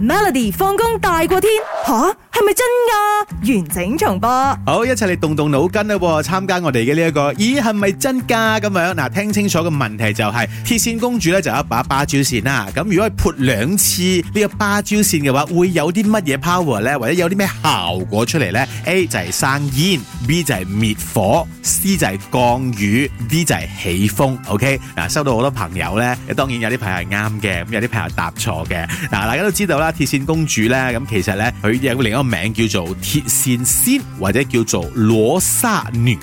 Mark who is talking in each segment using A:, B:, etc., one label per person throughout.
A: Melody 放工大過天，吓係咪真㗎？完整重播，
B: 好，一齊嚟動動腦筋喎，參加我哋嘅呢一個，咦係咪真㗎咁樣？嗱，聽清楚個問題就係、是、鐵扇公主咧就有一把芭蕉扇啦，咁如果係潑兩次呢、這個芭蕉扇嘅話，會有啲乜嘢 power 咧，或者有啲咩效果出嚟咧？A 就係生煙，B 就係滅火，C 就係降雨，D 就係起風。OK，嗱，收到好多朋友咧，當然有啲朋友係啱嘅，咁有啲朋友答錯嘅。嗱，大家都知道啦，鐵扇公主咧，咁其實咧佢有另一個名叫做鐵。扇仙或者叫做羅刹女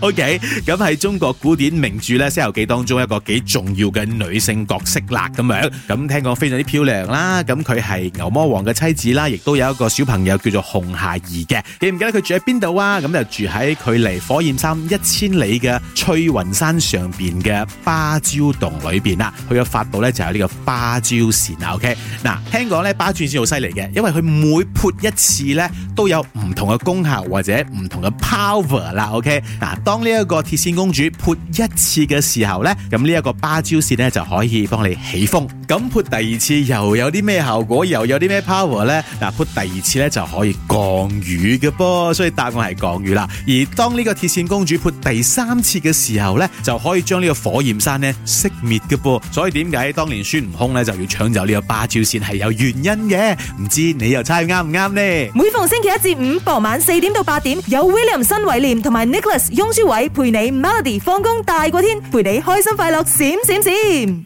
B: ，OK，咁喺中國古典名著咧《西遊記》當中一個幾重要嘅女性角色啦，咁樣咁聽講非常之漂亮啦，咁佢係牛魔王嘅妻子啦，亦都有一個小朋友叫做紅孩兒嘅，記唔記得佢住喺邊度啊？咁就住喺距離火焰山一千里嘅翠雲山上邊嘅芭蕉洞裏邊啦，佢嘅法寶咧就有呢個芭蕉扇啊，OK，嗱，聽講咧芭蕉扇好犀利嘅，因為佢每潑一次咧都有。有唔同嘅功效或者唔同嘅 power 啦，OK 嗱，當呢一個鐵扇公主潑一次嘅時候呢，咁呢一個芭蕉扇呢就可以幫你起風。咁潑第二次又有啲咩效果，又有啲咩 power 呢？嗱，潑第二次呢就可以降雨嘅噃，所以答案係降雨啦。而當呢個鐵扇公主潑第三次嘅時候呢，就可以將呢個火焰山呢熄滅嘅噃。所以點解當年孫悟空呢就要搶走呢個芭蕉扇係有原因嘅。唔知你又猜啱唔啱呢？
A: 每逢星期一，至五傍晚四點到八點，有 William 新偉廉同埋 Nicholas 雍舒偉陪你 Melody 放工大過天，陪你開心快樂閃閃閃。閃閃閃